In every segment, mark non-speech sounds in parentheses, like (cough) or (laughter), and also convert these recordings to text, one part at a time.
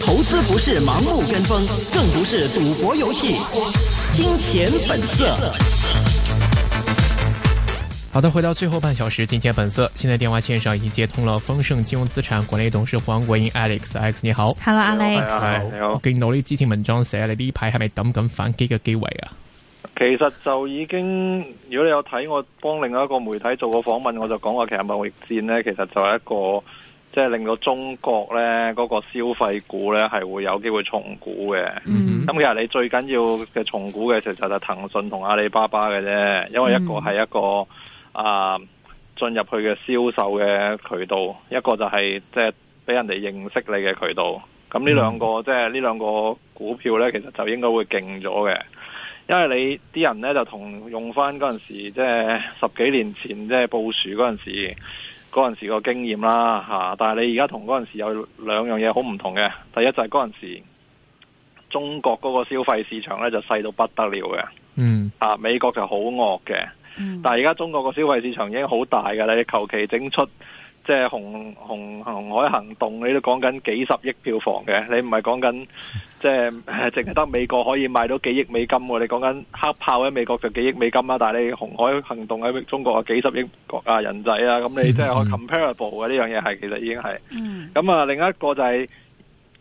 投資不是盲目跟風，更不是賭博遊戲。金錢本色。好的，回到最後半小時，金錢本色。現在電話線上已經接通了豐盛金融資產管理董事黃國英 Alex，Alex 你好，Hello Alex，你好。力。我見到你之前文章寫，你呢排係咪等緊反擊嘅機會啊？其實就已經，如果你有睇我幫另外一個媒體做過訪問，我就講過，其實貿易戰咧，其實就係一個即係、就是、令到中國咧嗰、那個消費股咧係會有機會重估嘅。咁、mm -hmm. 其實你最緊要嘅重估嘅，其實就係騰訊同阿里巴巴嘅啫，因為一個係一個、mm -hmm. 啊進入去嘅銷售嘅渠道，一個就係即係俾人哋認識你嘅渠道。咁呢兩個即係呢兩個股票咧，其實就應該會勁咗嘅。因為你啲人咧就同用翻嗰陣時，即係十幾年前即係布殊嗰陣時，嗰陣時個經驗啦吓、啊。但係你而家同嗰陣時有兩樣嘢好唔同嘅。第一就係嗰陣時，中國嗰個消費市場咧就細到不得了嘅。嗯。啊，美國就好惡嘅。但係而家中國個消費市場已經好大㗎啦，你求其整出。即係紅紅紅海行動，你都講緊幾十億票房嘅，你唔係講緊即係淨係得美國可以賣到幾億美金喎。你講緊黑豹喺美國就幾億美金啦，但係你紅海行動喺中國啊幾十億啊人仔啊，咁、嗯、你即係 comparable 嘅呢樣嘢係，嗯、其實已經係。咁、嗯、啊，另一個就係、是、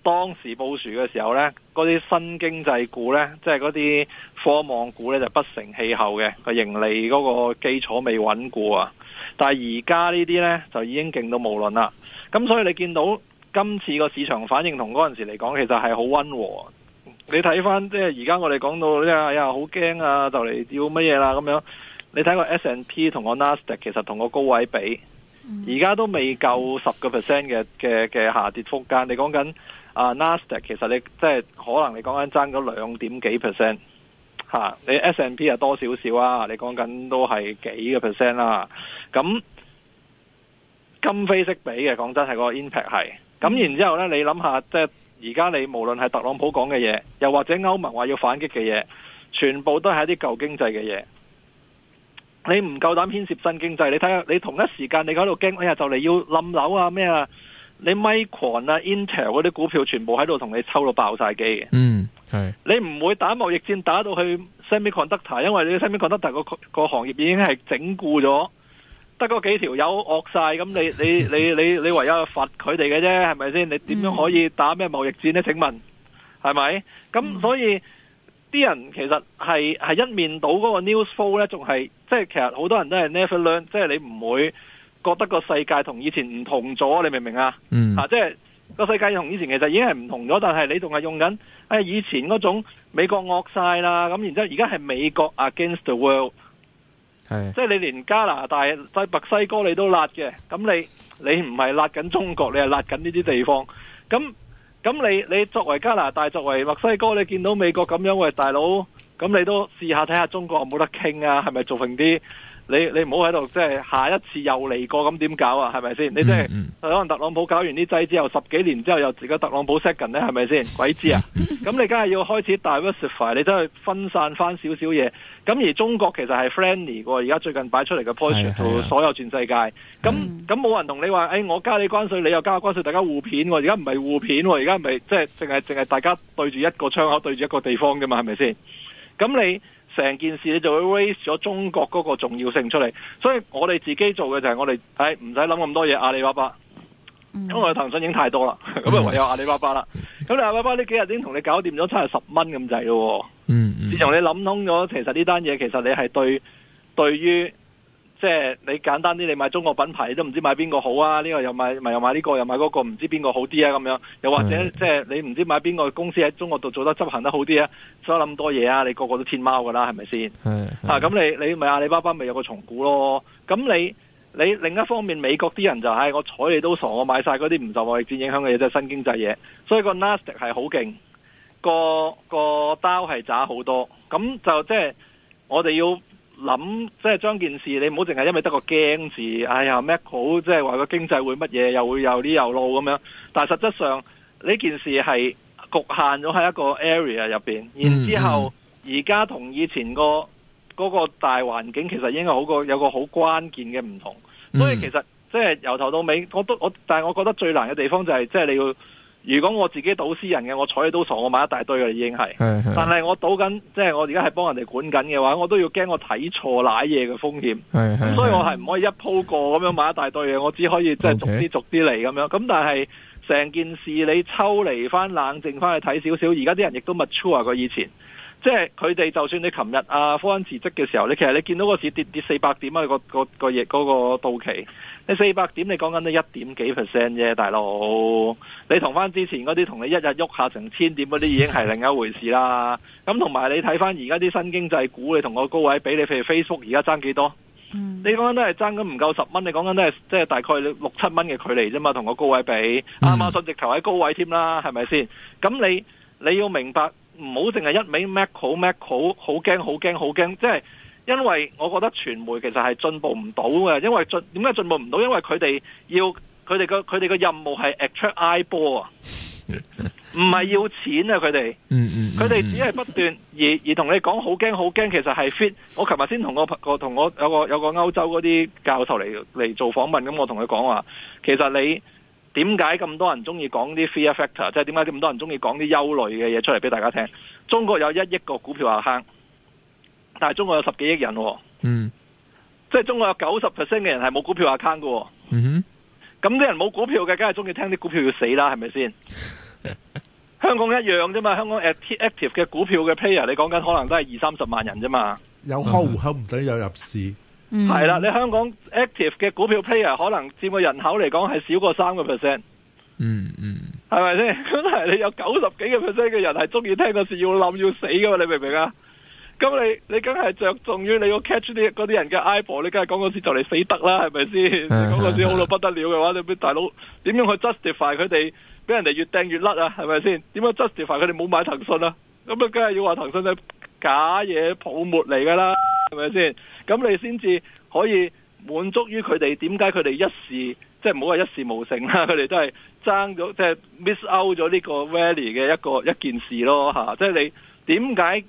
當時部署嘅時候呢，嗰啲新經濟股呢，即係嗰啲科網股呢，就是、不成氣候嘅，佢盈利嗰個基礎未穩固啊。但係而家呢啲呢，就已經勁到無論啦。咁所以你見到今次個市場反應同嗰陣時嚟講，其實係好溫和。你睇返即係而家我哋講到，哎呀好驚啊，就嚟要乜嘢啦咁樣。你睇個 S&P 同個 Nasdaq 其實同個高位比，而家都未夠十個 percent 嘅嘅嘅下跌幅間。你講緊啊 Nasdaq 其實你即係可能你講緊爭咗兩點幾 percent。吓，啊，你 S&P 又多少少啊？你講緊都係幾個 percent 啦。咁今非昔比嘅，講真係個 impact 係。咁然之後咧，你諗下，即係而家你無論係特朗普講嘅嘢，又或者歐盟話要反擊嘅嘢，全部都係一啲舊經濟嘅嘢。你唔夠膽牽涉新經濟，你睇下，你同一時間你喺度驚，你就嚟要冧樓啊咩啊？你 Micron 啊，Intel 嗰啲股票全部喺度同你抽到爆晒機嘅。嗯。係你唔會打貿易戰打到去 Semiconductor，因為你的 Semiconductor 的個個行業已經係整固咗，得嗰幾條友惡晒，咁你你你你你唯有去罰佢哋嘅啫，係咪先？你點樣可以打咩貿易戰呢？嗯、請問係咪？咁所以啲人其實係係一面倒嗰個 news flow 咧，仲係即係其實好多人都係 never learn，即係你唔會覺得個世界同以前唔同咗，你明唔明、嗯、啊？嗯即係個世界同以前其實已經係唔同咗，但係你仲係用緊。以前嗰種美國惡晒啦，咁然之後而家係美國 against the world，係即係你連加拿大、西墨西哥你都焫嘅，咁你你唔係焫緊中國，你係焫緊呢啲地方，咁咁你你作為加拿大、作為墨西哥，你見到美國咁樣，喂大佬，咁你都試下睇下中國有冇得傾啊，係咪做平啲？你你唔好喺度，即係下一次又嚟過咁點搞啊？係咪先？你即係、嗯、可能特朗普搞完啲劑之後，十幾年之後又自己特朗普 second 呢？係咪先？鬼知啊！咁 (laughs) 你梗係要開始 diversify，你真係分散翻少少嘢。咁而中國其實係 friendly 嘅，而家最近擺出嚟嘅 position 同所有全世界。咁咁冇人同你話，誒、哎，我加你關稅，你又加我關稅，大家互片、哦。而家唔係互片、哦，而家咪即係淨係淨係大家對住一個窗口，對住一個地方啫嘛？係咪先？咁你。成件事你就會 raise 咗中國嗰個重要性出嚟，所以我哋自己做嘅就係我哋唉，唔使諗咁多嘢，阿里巴巴、嗯，因為我騰訊已經太多啦，咁啊唯有阿里巴巴啦。咁、嗯、阿里巴巴呢幾日已經同你搞掂咗七十蚊咁滯咯。嗯，嗯自從你諗通咗，其實呢單嘢其實你係對對於。即係你簡單啲，你買中國品牌，你都唔知買邊個好啊？呢、這個又買，咪又買呢個、那個，又買嗰個，唔知邊個好啲啊？咁樣又或者即係你唔知買邊個公司喺中國度做得執行得好啲啊？所以諗多嘢啊！你個個都天貓噶啦，係咪先？咁、啊、你你咪阿里巴巴咪有個重估咯？咁你你另一方面，美國啲人就係、是、我睬你都傻，我買曬嗰啲唔受貿易戰影響嘅嘢，即、就、係、是、新經濟嘢，所以個納斯達克係好勁，個個刀係渣好多，咁就即係我哋要。諗即係將件事，你唔好淨係因為得個驚字，哎呀咩好，即係話個經濟會乜嘢，又會有呢又路咁樣。但係實質上呢件事係局限咗喺一個 area 入邊，然之後而家同以前個嗰、嗰個大環境其實應該好個有個好關鍵嘅唔同、嗯。所以其實即係由頭到尾，我都我但係我覺得最難嘅地方就係、是、即係你要。如果我自己賭私人嘅，我睬你都傻，我買一大堆嘅已經係。係係。但係我賭緊，即係我而家係幫人哋管緊嘅話，我都要驚我睇錯奶嘢嘅風險。是是是，所以我係唔可以一鋪過咁樣買一大堆嘢，我只可以即係逐啲逐啲嚟，咁樣。咁但係成件事你抽離返、冷靜返去睇少少，而家啲人亦都 mature 過以前。即係佢哋，就算你琴日啊科恩辭職嘅時候，你其實你見到個市跌跌四百點啊，個個個嘢嗰個到期，你四百點你講緊都一點幾 percent 啫，大佬。你同翻之前嗰啲同你一日喐下成千點嗰啲已經係另一回事啦。咁同埋你睇翻而家啲新經濟股，你同個高位比，你譬如 Facebook 而家爭幾多？嗯，你講緊都係爭緊唔夠十蚊，你講緊都係即係大概六七蚊嘅距離啫嘛，同個高位比，亞馬遜直頭喺高位添啦，係咪先？咁你你要明白。唔好淨係一味 make 好 make 好好驚好驚好驚，即係因為我覺得傳媒其實係進步唔到嘅，因為進，點解進步唔到？因為佢哋要佢哋嘅，佢哋個任務係 attract eyeball 啊，唔係要錢啊，佢哋，佢哋只係不斷而，而同你講好驚好驚，其實係 fit 我我。我琴日先同個同我有個有個歐洲嗰啲教授嚟嚟做訪問，咁我同佢講話，其實你。點解咁多人中意講啲 fear factor？即係點解咁多人中意講啲憂慮嘅嘢出嚟俾大家聽？中國有一億個股票 account，但係中國有十幾億人、哦，嗯，即係中國有九十 percent 嘅人係冇股票 account 嘅、哦，嗯哼，咁啲人冇股票嘅，梗係中意聽啲股票要死啦，係咪先？ (laughs) 香港一樣啫嘛，香港 active 嘅股票嘅 player，你講緊可能都係二三十萬人啫嘛，有開戶口唔使有入市。嗯係、嗯、啦，你香港 active 嘅股票 player 可能佔個人口嚟講係少過三個 percent。嗯嗯，係咪先？咁係你有九十幾個 percent 嘅人係中意聽個事要冧要死噶嘛？你明唔明啊？咁你你梗係着重於你要 catch 啲嗰啲人嘅 eye ball 你梗係講個事就嚟死、嗯、得啦，係咪先？講個事好到不得了嘅話，嗯嗯、你俾大佬點樣去 justify 佢哋俾人哋越掟越甩啊？係咪先？點樣 justify 佢哋冇買騰訊啊？咁啊，梗係要話騰訊係假嘢泡沫嚟噶啦。係咪先？咁你先至可以滿足於佢哋點解佢哋一事，即係唔好話一事無成啦，佢哋都係爭咗即係 miss out 咗呢個 value 嘅一個一件事咯，即係、就是、你點解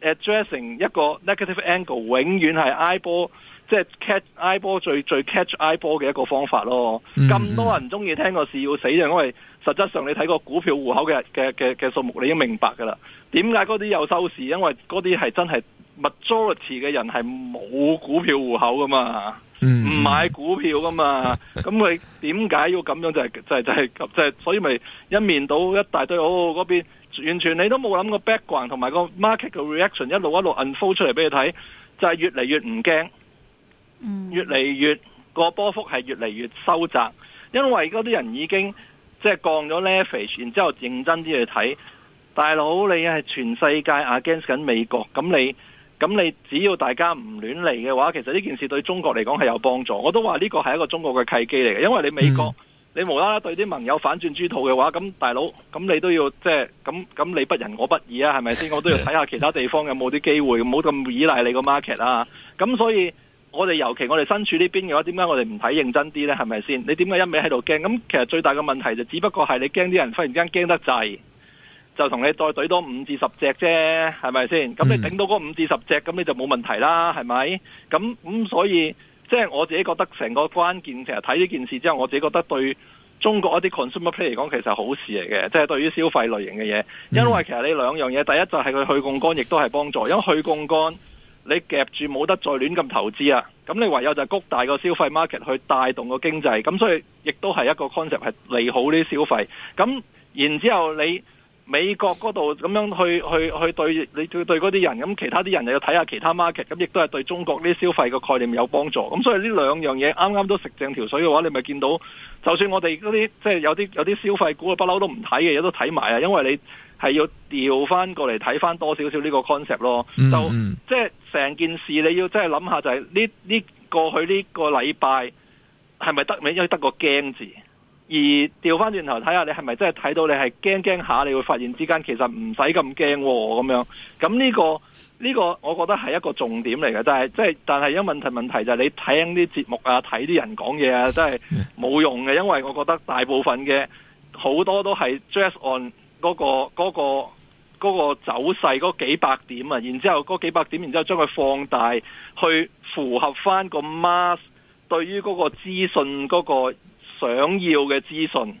addressing 一個 negative angle 永遠係 eye ball 即係 catch eye ball 最最 catch eye ball 嘅一個方法咯。咁、mm -hmm. 多人中意聽個市要死，就因為實質上你睇個股票戶口嘅嘅嘅嘅數目，你已經明白噶啦。點解嗰啲有收視？因為嗰啲係真係。Majority 嘅人係冇股票戶口㗎嘛，唔、mm. 買股票㗎嘛，咁佢點解要咁樣？就係、是、就係、是、就係即係，所以咪一面倒一大堆嗰、哦、邊，完全你都冇諗過 background 同埋個 market 嘅 reaction 一路一路 unfold 出嚟俾你睇，就係、是、越嚟越唔驚，mm. 越嚟越、嗰個波幅係越嚟越收窄，因為嗰啲人已經即係、就是、降咗 leverage，然之後認真啲去睇，大佬你係全世界 against 緊美國，咁你。咁你只要大家唔亂嚟嘅話，其實呢件事對中國嚟講係有幫助。我都話呢個係一個中國嘅契機嚟嘅，因為你美國、嗯、你無啦啦對啲盟友反轉豬肚嘅話，咁大佬咁你都要即係咁咁你不仁我不義啊，係咪先？我都要睇下其他地方有冇啲機會，唔好咁依賴你個 market 啦、啊。咁所以我哋尤其我哋身處呢邊嘅話，點解我哋唔睇認真啲呢？係咪先？你點解一味喺度驚？咁其實最大嘅問題就只不過係你驚啲人忽然之間驚得滯。就同你再堆多五至十隻啫，係咪先？咁你頂到嗰五至十隻，咁你就冇問題啦，係咪？咁咁、嗯、所以，即係我自己覺得成個關鍵，其實睇呢件事之後，我自己覺得對中國一啲 consumer play 嚟講，其實好事嚟嘅，即係對於消費類型嘅嘢。因為其實你兩樣嘢，第一就係佢去槓桿，亦都係幫助，因為去槓桿你夾住冇得再亂咁投資啊，咁你唯有就谷大個消費 market 去帶動個經濟，咁所以亦都係一個 concept 係利好呢啲消費。咁然之後你。美國嗰度咁樣去去去對你對對嗰啲人，咁其他啲人又要睇下其他 market，咁亦都係對中國啲消費嘅概念有幫助。咁所以呢兩樣嘢啱啱都食正條水嘅話，你咪見到就算我哋嗰啲即係有啲有啲消費股不嬲都唔睇嘅嘢都睇埋啊，因為你係要調翻過嚟睇翻多少少呢個 concept 咯。嗯嗯就即係成件事你要真係諗下就係呢呢過去呢個禮拜係咪得未？因為得個驚字。而調返轉頭睇下，你係咪真係睇到你係驚驚下？你會發現之間其實唔使咁驚喎。咁樣。咁呢個呢個，呢個、我覺得係一個重點嚟嘅。但係即係但係，有問題問題就係你聽啲節目啊，睇啲人講嘢啊，真係冇用嘅。因為我覺得大部分嘅好多都係 dress on 嗰個嗰個嗰個走勢嗰幾百點啊，然之後嗰幾百點，然後將佢放大去符合返個 mask。對於嗰個資訊嗰個想要嘅資訊，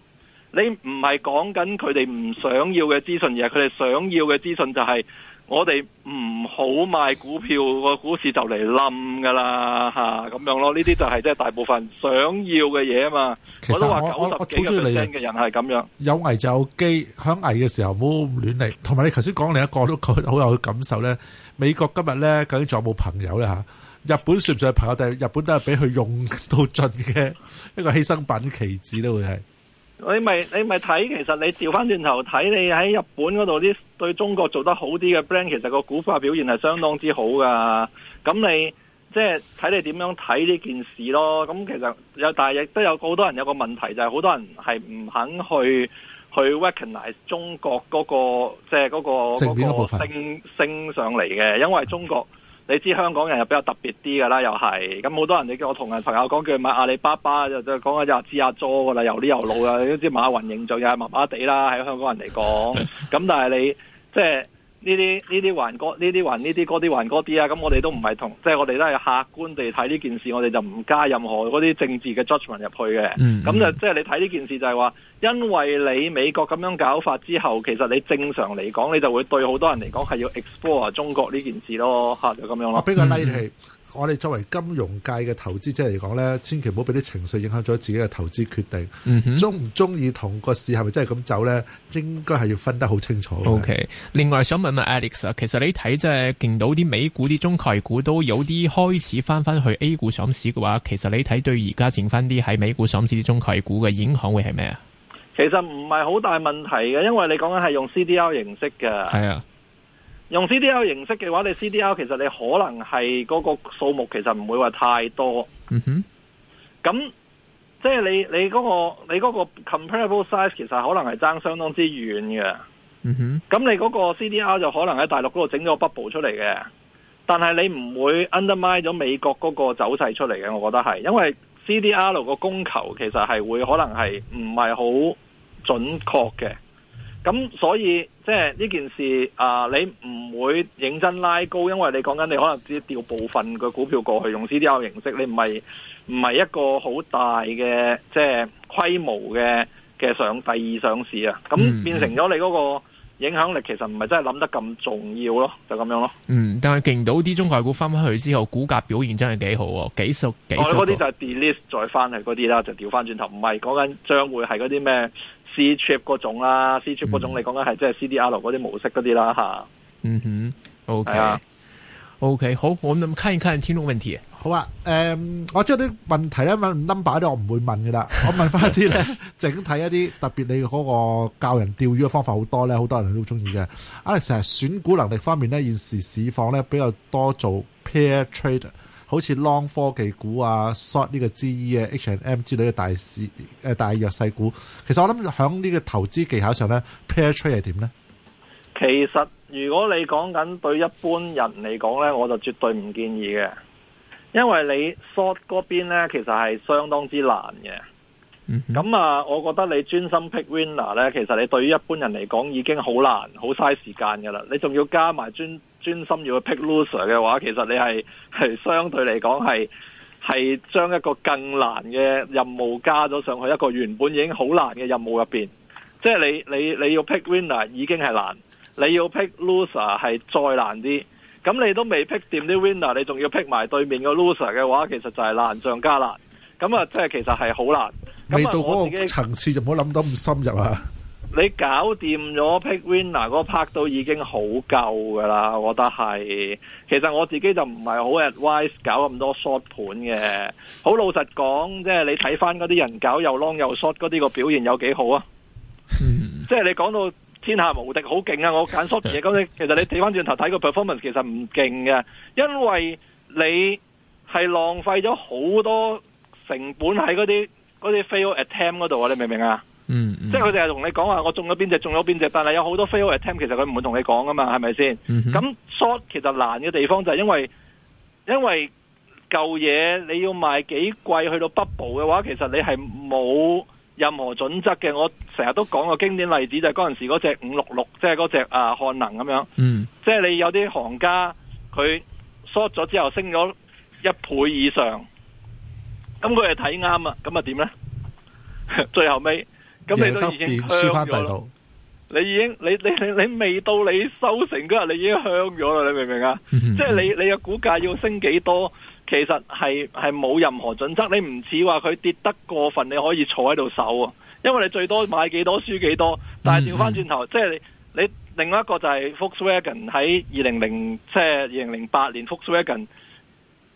你唔係講緊佢哋唔想要嘅資訊，而係佢哋想要嘅資訊就係我哋唔好賣股票，個股市就嚟冧噶啦嚇，咁樣咯，呢啲就係即係大部分想要嘅嘢啊嘛。我都話九十幾歲嘅人係咁樣，有危就有機，向危嘅時候唔好亂嚟。同埋你頭先講另一個都好有感受咧。美國今日咧究竟仲有冇朋友咧嚇？日本算唔算係朋友？但係日本都係俾佢用到盡嘅一個犧牲品棋子都會係，你咪你咪睇。其實你調翻轉頭睇，你喺日本嗰度啲對中國做得好啲嘅 brand，其實個股價表現係相當之好㗎。咁你即係睇你點樣睇呢件事咯。咁其實有，但係亦都有好多人有個問題，就係、是、好多人係唔肯去去 recognize 中國嗰、那個即係嗰個正面部分、那個、升升上嚟嘅，因為中國。啊你知香港人又比較特別啲㗎啦，又係咁好多人，你叫我同人朋友講，叫佢買阿里巴巴，就就講下日資阿左嘅啦，又呢又老㗎。你都知馬雲形象又係麻麻地啦，喺香港人嚟講，咁但係你即係。呢啲呢啲環呢啲環呢啲啲環哥啲啊！咁我哋都唔係同，即係我哋都係客觀地睇呢件事，我哋就唔加任何嗰啲政治嘅 judgment 入去嘅。咁，嗯，就即係你睇呢件事就係話，因為你美國咁樣搞法之後，其實你正常嚟講，你就會對好多人嚟講係要 explore 中國呢件事咯嚇，就咁樣咯。比較拉氣。我哋作為金融界嘅投資者嚟講咧，千祈唔好俾啲情緒影響咗自己嘅投資決定。嗯哼。中唔中意同個市係咪真係咁走咧？應該係要分得好清楚。OK，另外想問問 Alex 啊，其實你睇即係見到啲美股啲中概股都有啲開始翻翻去 A 股上市嘅話，其實你睇對而家剩翻啲喺美股上市啲中概股嘅影響會係咩啊？其實唔係好大問題嘅，因為你講緊係用 C D L 形式嘅。係啊。用 CDR 形式嘅話，你 CDR 其實你可能係嗰個數目，其實唔會話太多。嗯哼，咁即係你你嗰個你嗰個 comparable size 其實可能係爭相當之遠嘅。嗯哼，咁你嗰個 CDR 就可能喺大陸嗰度整咗個 bubble 出嚟嘅，但係你唔會 undermine 咗美國嗰個走勢出嚟嘅。我覺得係，因為 CDR 個供求其實係會可能係唔係好準確嘅。咁所以即係呢件事啊、呃，你唔會認真拉高，因為你講緊你可能只調部分嘅股票過去用 CDR 形式，你唔係唔係一個好大嘅即係規模嘅嘅上第二上市啊，咁變成咗你嗰個影響力、嗯、其實唔係真係諗得咁重要咯，就咁樣咯。嗯，但係勁到啲中概股翻返去之後，股價表現真係幾好，幾十幾十個。我嗰啲就係 delete 再翻嚟嗰啲啦，就調翻轉頭，唔係講緊將會係嗰啲咩？C trip 嗰種啦，C trip 嗰種嚟講咧，係即係 C D R 嗰啲模式嗰啲啦吓。嗯哼，OK，OK，、okay 啊 okay, 好，我們看睇一睇聽眾問題。好啊，誒、嗯，我即係啲問題咧問 number 咧，我唔會問噶啦，我問翻一啲咧 (laughs) 整體一啲特別你嗰個教人釣魚嘅方法好多咧，好多人都好中意嘅。Alex，喺選股能力方面咧，現時市況咧比較多做 pair trader。好似 long 科技股啊，short 呢個 GE 啊，H and M 之類嘅大市誒大弱勢股，其實我諗響呢個投資技巧上咧，pair trade 係點咧？其實如果你講緊對一般人嚟講咧，我就絕對唔建議嘅，因為你 short 嗰邊咧，其實係相當之難嘅。嗯。咁啊，我覺得你專心 pick winner 咧，其實你對於一般人嚟講已經好難好嘥時間噶啦，你仲要加埋專。專心要去 pick loser 嘅話，其實你係係相對嚟講係係將一個更難嘅任務加咗上去一個原本已經好難嘅任務入邊，即係你你你要 pick winner 已經係難，你要 pick loser 係再難啲。咁你都未 pick 掂啲 winner，你仲要 pick 埋對面個 loser 嘅話，其實就係難上加難。咁啊，即係其實係好難。未到嗰個層次就唔好諗到咁深入啊。你搞掂咗 Pick Winner 嗰 part 都已經好夠噶啦，我覺得係。其實我自己就唔係好 advise 搞咁多 short 盤嘅。好老實講，即係你睇翻嗰啲人搞又 long 又 short 嗰啲個表現有幾好啊？即 (laughs) 係你講到天下無敵好勁啊！我揀 short 嘢，咁你其實你調翻轉頭睇個 performance 其實唔勁嘅，因為你係浪費咗好多成本喺嗰啲嗰啲 fail attempt 嗰度啊！你明唔明啊？嗯嗯、即係佢哋係同你講話，我中咗邊隻，中咗邊隻，但係有好多 failure theme，其實佢唔會同你講噶嘛，係咪先？咁、嗯、short 其實難嘅地方就係因為因為舊嘢你要賣幾貴去到 bubble 嘅話，其實你係冇任何準則嘅。我成日都講個經典例子就係嗰陣時嗰隻五六六，即係嗰隻啊漢能咁樣。即係你有啲行家佢 short 咗之後升咗一倍以上，咁佢係睇啱啦，咁啊點呢？ (laughs) 最後尾。咁你都已經香咗啦，你已經你你你，你，你未到你收成嗰日，你已經香咗啦，你明唔明啊？即、嗯、係、嗯、你你嘅股價要升幾多，其實係係冇任何準則。你唔似話佢跌得過分，你可以坐喺度守啊。因為你最多買幾多輸幾多。但係調翻轉頭，即、嗯、係、嗯、你你另外一個就係 Volkswagen 喺二零零即係二零零八年 Volkswagen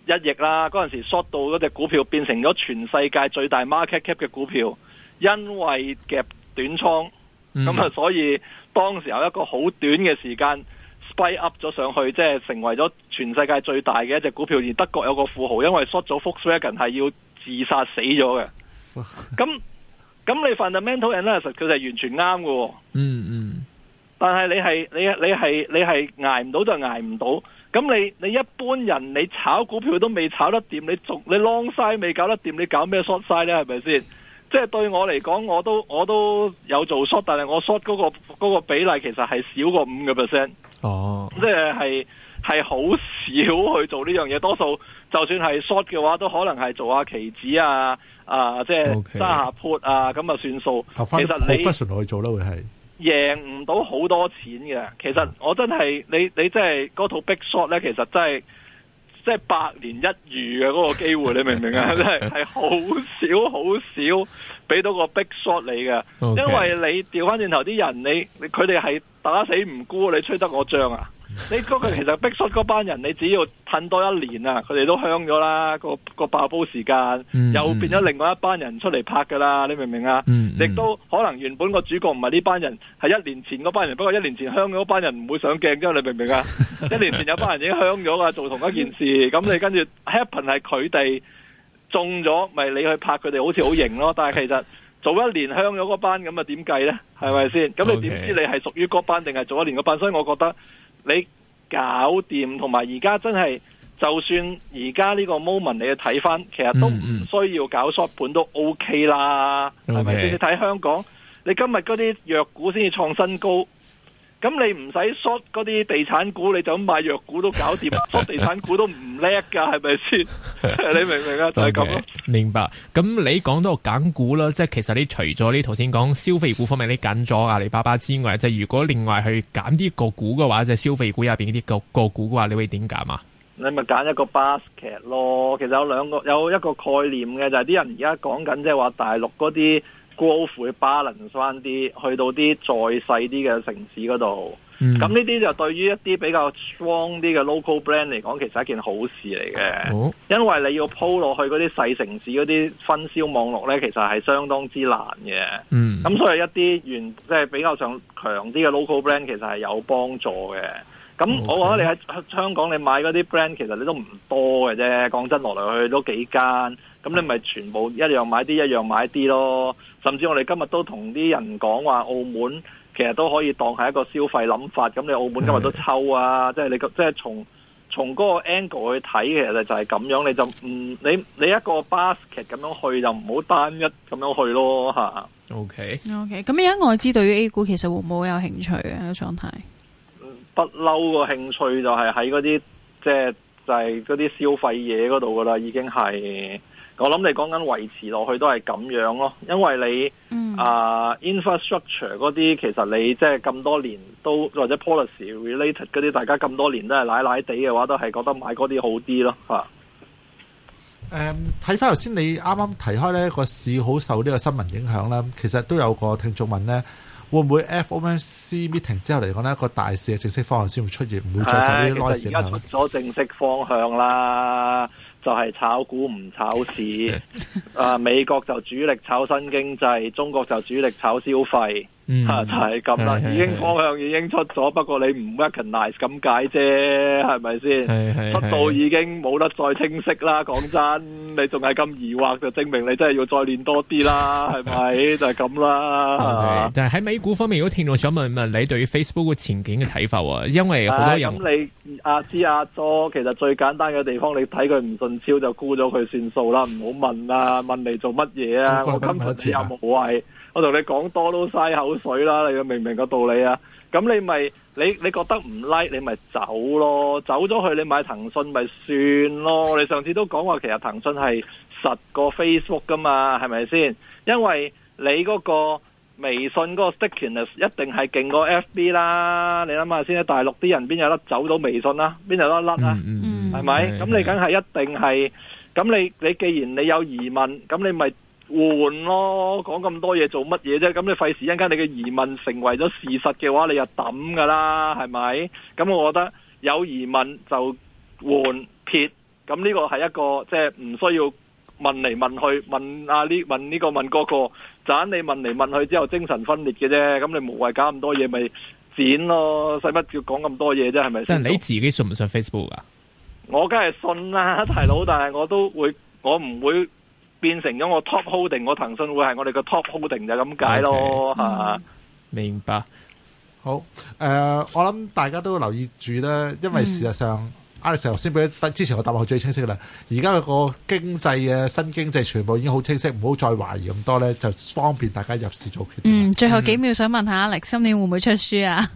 一役啦，嗰陣時 short 到嗰隻股票變成咗全世界最大 market cap 嘅股票。因為夾短倉，咁啊，所以當時有一個好短嘅時間 (laughs) ，spike up 咗上去，即係成為咗全世界最大嘅一隻股票。而德國有個富豪因為 short 咗 Volkswagen 係要自殺死咗嘅。咁 (laughs) 咁你 fundamental analysis 佢實係完全啱㗎，嗯嗯。 (laughs) 但係你係你你係你係挨唔到就係挨唔到。咁你你一般人你炒股票都未炒得掂，你仲你 long 晒未搞得掂，你搞咩 short 晒咧？係咪先？即係對我嚟講，我都我都有做 short，但係我 short 嗰個嗰個比例其實係少過五個 percent。哦，即係係係好少去做呢樣嘢，多數就算係 short 嘅話，都可能係做下期指啊，啊，即係揸下 put 啊，咁啊算數。其實你 profession 去做咧，會係贏唔到好多錢嘅。Oh. 其實我真係你你真係嗰套 big short 咧，其實真係。即係百年一遇嘅嗰個機會，你明唔明啊？ (laughs) 真係係好少好少俾到個逼 short 你嘅，okay. 因為你調翻轉頭啲人，你你佢哋係打死唔沽，你吹得我漲啊！ (laughs) 你嗰個其實逼出嗰班人，你只要褪多一年啊，佢哋都香咗啦。個個爆煲時間又變咗另外一班人出嚟拍噶啦，你明唔明啊？亦 (laughs) 都可能原本個主角唔係呢班人，係一年前嗰班人。不過一年前香咗嗰班人唔會上鏡，因為你明唔明啊？ (laughs) 一年前有班人已經香咗噶，做同一件事，咁你跟住 happen 係佢哋中咗，咪你去拍佢哋好似好型咯。但係其實早一年香咗嗰班咁啊，點計呢？係咪先？咁你點知你係屬於嗰班定係早一年嗰班？所以我覺得。你搞掂，同埋而家真係，就算而家呢個 moment，你去睇翻，其實都唔需要搞 short 盤都 OK 啦，係咪？okay。你睇香港，你今日嗰啲弱股先至創新高。咁你唔使 short 嗰啲地產股，你就咁買藥股都搞掂啦。short (laughs) 地產股都唔叻噶，係咪先？ (laughs) (laughs) 你明唔明啊？就係咁咯。okay, (laughs) 明白。咁你講到揀股啦，即係其實你除咗你頭先講消費股方面，你揀咗阿里巴巴之外，即係如果另外去揀啲個股嘅話，即係消費股入邊啲個個股嘅話，你會點揀啊？你咪揀一個 basket 咯。其實有兩個有一個概念嘅，就係啲人而家講緊，即係話大陸嗰啲。grow 會 balance 翻啲，去到啲再細啲嘅城市嗰度，咁呢啲就對於一啲比較 strong 啲嘅 local brand 嚟講，其實係一件好事嚟嘅。因為你要鋪落去嗰啲細城市嗰啲分銷網絡呢，其實係相當之難嘅。嗯，咁所以一啲原即係比較上強啲嘅 local brand 其實係有幫助嘅。咁，我覺得你喺香港你買嗰啲 brand 其實你都唔多嘅啫。講真，落嚟去都幾間。咁你咪全部一樣買啲一,一樣買啲咯，甚至我哋今日都同啲人講話澳門其實都可以當係一個消費諗法。咁你澳門今日都抽啊，即係你即係從從嗰個 angle 去睇，其實就係咁樣。你就唔、嗯、你你一個 basket 咁樣去，就唔好單一咁樣去咯吓 O K O K。咁而家外資對於 A 股其實會冇有有興趣嘅狀態。不嬲個興趣就係喺嗰啲即係就係嗰啲消費嘢嗰度噶啦，已經係。我諗你講緊維持落去都係咁樣咯，因為你啊、嗯 uh, infrastructure 嗰啲，其實你即係咁多年都或者 policy related 嗰啲，大家咁多年都係奶奶地嘅話，都係覺得買嗰啲好啲咯吓。誒、嗯，睇翻頭先你啱啱提開呢個市好受呢個新聞影響啦，其實都有個聽眾問呢，會唔會 FOMC meeting 之後嚟講呢個大市嘅正式方向先會出現，唔、啊、會再受呢啲 noise 影響？而家出咗正式方向啦。就係、是、炒股唔炒市，啊，美國就主力炒新經濟，中國就主力炒消費。吓就係咁啦，是是是已經方向已經出咗，是是是不過你唔 recognize 咁解啫，係咪先？係係出到已經冇得再清晰啦。講 (laughs) 真，你仲係咁疑惑，就證明你真係要再練多啲啦，係 (laughs) 咪？就係咁啦。Okay, 但係喺美股方面，如果聽眾想問問你對於 Facebook 嘅前景嘅睇法啊，因為好多人。咁、啊、你阿芝阿初，其實最簡單嘅地方，你睇佢唔順超就估咗佢算數啦，唔好問，問，你 (laughs) 問，你問啊，問嚟做乜嘢啊？我根本你有冇謂。我同你講多都嘥口水啦，你要明唔明個道理啊？咁你咪你你覺得唔 like 你咪走咯，走咗去你買騰訊咪算咯。你上次都講話其實騰訊係實個 Facebook 噶嘛，係咪先？因為你嗰個微信嗰個 stickiness 一定係勁過 FB 啦。你諗下先，大陸啲人邊有得走到微信啊？邊有得甩啊？係、嗯、咪？咁、嗯嗯、你梗係一定係。咁你你既然你有疑問，咁你咪。換咯，講咁多嘢，做乜嘢啫？咁你費事一陣間你嘅疑問成為咗事實嘅話，你就抌噶啦，係咪？咁我覺得有疑問就換撇，咁呢個係一個即係唔需要問嚟問去問啊呢問呢個問嗰個，盞你問嚟問去之後精神分裂嘅啫。咁你無謂搞咁多嘢，咪剪咯，使乜要講咁多嘢啫？係咪先？但係你自己信唔信 Facebook 㗎、啊？我梗係信啦，大佬，但係我都會，我唔會。變成咗我 top holding，我騰訊會係我哋嘅 top holding 就咁解咯 okay，明白。好，呃，我諗大家都要留意住啦，因為事實上，Alex 頭先俾你之前我答案最清晰啦。而家個經濟嘅新經濟全部已經好清晰，唔好再懷疑咁多咧，就方便大家入市做決定。嗯，最後幾秒想問下 Alex，今年會唔會出書啊？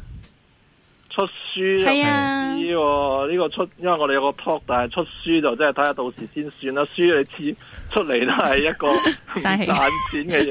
出書呢個呢個出，因為我哋有個 talk，但係出書就真係睇下到時先算啦。書，你知出嚟都係一個賺錢嘅嘢。 (laughs) 是的 (laughs)